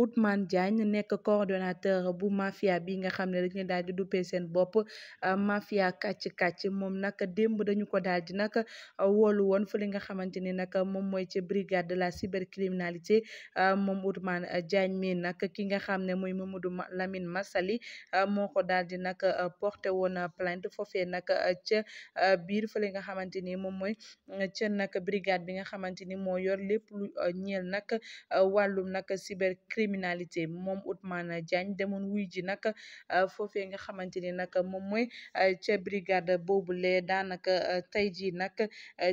Ousmane Diagne nekk coordonnateur bu mafia bi nga xam ne dañu daal di duppee seen bopp euh, mafia kàcc-kàcc moom nag démb dañu ko daal di nag euh, woolu woon fu li nga xamante ni nag moom mooy ci brigade de la cybercriminalité euh, moom Ousmane Diagne mi nag ki nga xam ne mooy Mamadou Lamine Massaly moo ko daal di nag porté woon plainte foofee nag ca biir fa li nga xamante ni moom mooy ca nag brigade bi nga xamante ni moo yor lépp lu ñeel nag wàllum nag cybercriminalité criminalité moom Ousmane Diagne demoon wuy ji nag euh, foofee nga xamante ni nag moom mooy euh, ca brigade boobule daanaka euh, tey jii nag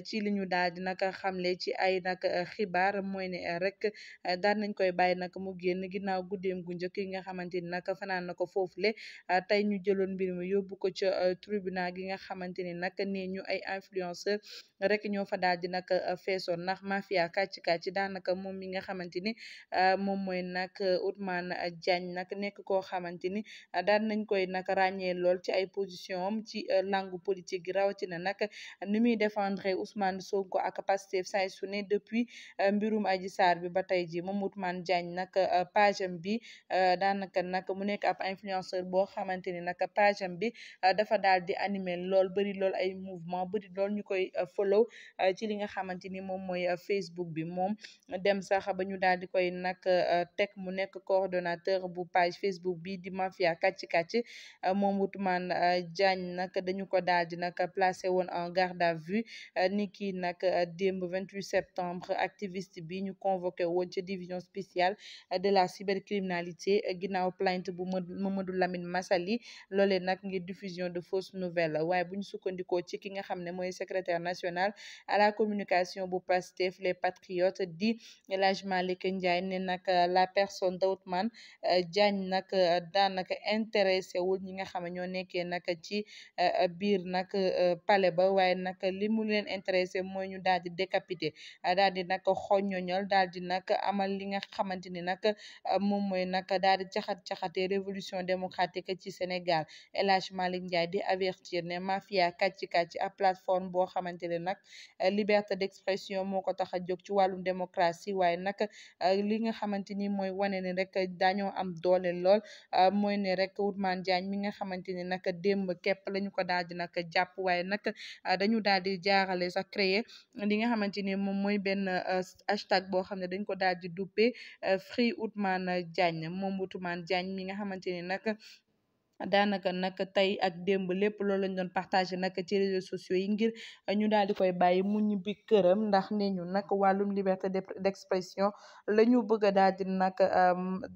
ci li ñu daal di nag le ci ay nag xibaar mooy ne rek daan nañ koy bàyyi nag mu génn ginnaaw guddeem gu njëkk yi nga xamante ni nag fanaan na ko foofule tey ñu jëloon mbir mi yóbbu ko ca tribunal gi nga xamante ni nag nee ñu ay influenceur rek ñoo daal di nag feesoon ndax mafia kàcc kàcc daanaka moom mi nga xamante moom mooy nag. nag eh, Ousmane eh, Diagne nag nekk koo xamante ni eh, daan nañ koy nag ràññee lool ci ay position am ci langue politique gi rawatina nag ni muy défendre Ousmane Sonko ak Pastef saay su ne depuis mbirum aji Sarr bi ba tey ji moom Ousmane Diagne nag page bi daanaka nag mu nekk ab influenceur boo xamante ni nag page am bi dafa daal di animé lool bëri lool ay mouvement bëri lool ñu koy follow ci li nga xamante ni moom Facebook bi moom dem sax ba ñu di koy nag mon mu nekk coordonnateur bu page Facebook bi di mafia kàcci kàcci euh, moom euh, Diagne dañu ko daal di placé en garde à vue Niki nak 28 septembre activiste bi ñu convoqué woon ci division spéciale euh, de la cybercriminalité ginnaaw plainte bu Mamadou Lamine massali loolee nak ngir diffusion de fausses nouvelles waaye bu ñu sukkandikoo ci ki nga xam ne secrétaire national à la communication bu Pastef les patriotes di l'ajma Hadj Malick ne nak personne Daoudmane euh, Diagne nag euh, daanaka intéressé wul ñi nga xam ne ñoo nekkee nag ci euh, biir nag palais ba waaye nag li mu leen intéressé mooy ñu daal di décapité daal di nag xoñoñol daal di nag amal li nga xamante ni nag moom mooy nag daal di caxat-caxatee révolution démocratique ci Sénégal El Hadj Malick Ndiaye di avertir ne mafia kàcc-kàcc ab plateforme boo xamante ne nag liberté d'expression moo tax a jóg ci wàllum démocratie mooy ne rek dañoo am doole lool ah, mooy ne rek Ousmane Diagne mi nga xamante ne nag démb képp lañu ko daal di nag jàpp waaye nag ah, dañu daal di jaarale sax créer li nga xamante ni moom mooy benn ah, hashtag boo xam ne dañ ko daal di duppee Free Ousmane Diagne moom Ousmane Diagne mi nga xamante ni nag daanaka nag tey ak démb lépp loolu lañ doon partagé nag ci réseaux sociaux yi ngir ñu daal di koy bàyyi mu ñibbi këram ndax nee ñu nag wàllum liberté d'expression la ñu bëgg a daal di nag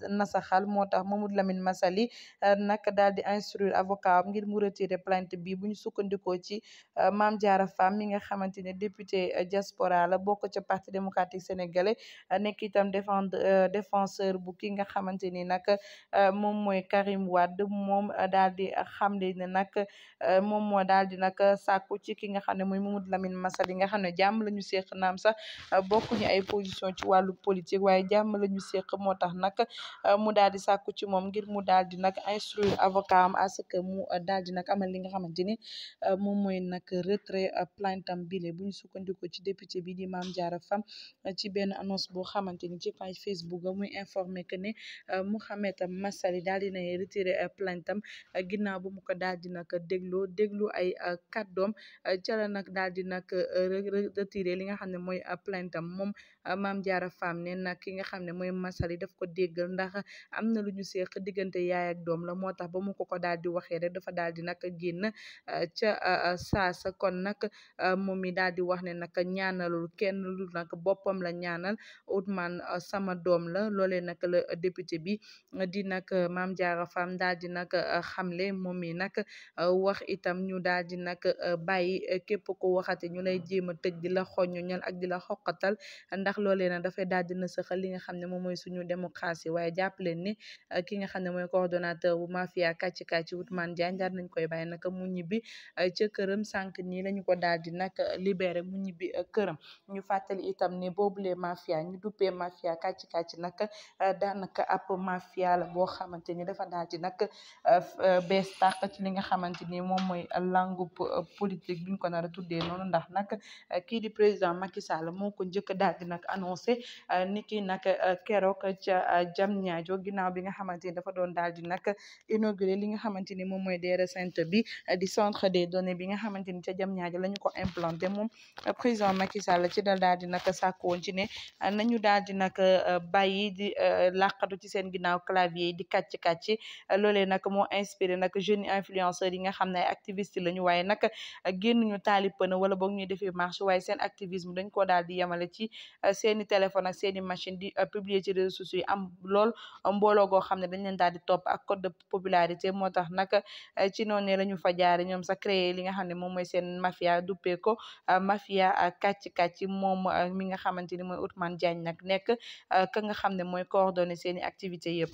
nasaxal moo tax Mamadou Lamine Massaly euh, nag dal di instruire avocat ngir mu retiré plainte bi bu ñu sukkandikoo ci euh, maam Diarra Fam mi nga xamante ne député euh, diaspora la bokk ca parti démocratique sénégalais nekk itam défendre défenseur bu ki nga xamante ni nag moom mooy Karim Wade moom Euh, daal di xamle ne nag euh, moom moo daal di nag sàkku ci ki nga xam ne muy Mamadou Lamine Massa li nga xam ne jàmm lañu ñu naam sax euh, bokkuñu ay position ci wàllu politique waaye jàmm la ñu séq moo tax nag mu daal di sàkku ci moom ngir mu daal di nag instruire avocat am à que mu daal di nag amal li nga xamante ni moom mooy nag retrait plainte am bile bu ñu sukkandikoo ci député bi di Mame Diarra Fam ci benn annonce boo xamante ni ci page Facebook muy informé que ne Mouhamed Massali daal di nay retiré xelam ginnaaw bu mu ko daal di nag dégloo déglu ay kàddoom ca la nag daal di nag retiré li nga xam ne mooy plainte am moom Mam jaara Fam, ne nag ki nga xam ne mooy masali daf ko déggal ndax am na lu ñu seeq diggante yaay ak doom la moo tax ba mu ko ko daal di waxee rek dafa daal di nag génn euh, ca euh, saasa kon nag euh, moom mi di wax ne nag ñaanalul kenn lu nag boppam la ñaanal Ousmane sama doom la loolee nag la député bi di nag maam jaara Fam daal di nag xamle moom nag wax itam ñu daal di nag bàyyi képp ko waxati ñu lay jéem a tëj di la xoññal ak di la xoqatal ndax ndax loolee nag dafay daal dina sëxal li nga xam ne moom mooy suñu démocratie waaye jàpp leen ne euh, ki nga xam ne mooy coordonnateur bu mafia kàcci kàcci Ousmane Diagne daal nañ koy bàyyi nag mu ñibbi euh, ca këram sànq nii lañu ko daal di nag euh, libéré mu ñibbi këram ñu fàttali itam ni ne boobulee mafia ñu duppee mafia kàcci kàcci nag daanaka ab mafia la boo xamante ni dafa daal di nag bees tàq ci li nga xamante ni moom mooy langue politique bi ko nar a noonu nag annoncé euh, ni ki nag euh, keroog a jam ñaajo ginnaaw bi nga xamante ni dafa doon daal di nag inauguré li nga xamante ni moom mooy DRSent bi euh, di centre des données bi nga xamante ni ca jam ñaajo la ñu ko implanté moom président Macky Sall ci dal daal di nag sàkk woon ci ne nañu daal di nag bàyyi di làqatu ci seen ginnaaw clavier yi di kàcc kàcc loolee nag moo inspiré nag jeune influenceurs yi nga xam ne ay activiste lañu waaye nag génn ñu taali pëna wala boog ñuy defee marche waaye seen activisme dañ koo daal di yemale seen i téléphone ak seeni machine di euh, publier ci réseaux sociaux yi am lool mbooloo goo xam ne dañ leen daal di topp ak code de popularité moo tax nag euh, ci noonu la ñu fa jaare ñoom sa créé li nga xam ne moom mooy seen mafia duppee ko euh, mafia kàcc-kàcc moom mi nga xamante ni mooy man Diagne nag nekk ka nga xam ne mooy coordonné seen i activités yëpp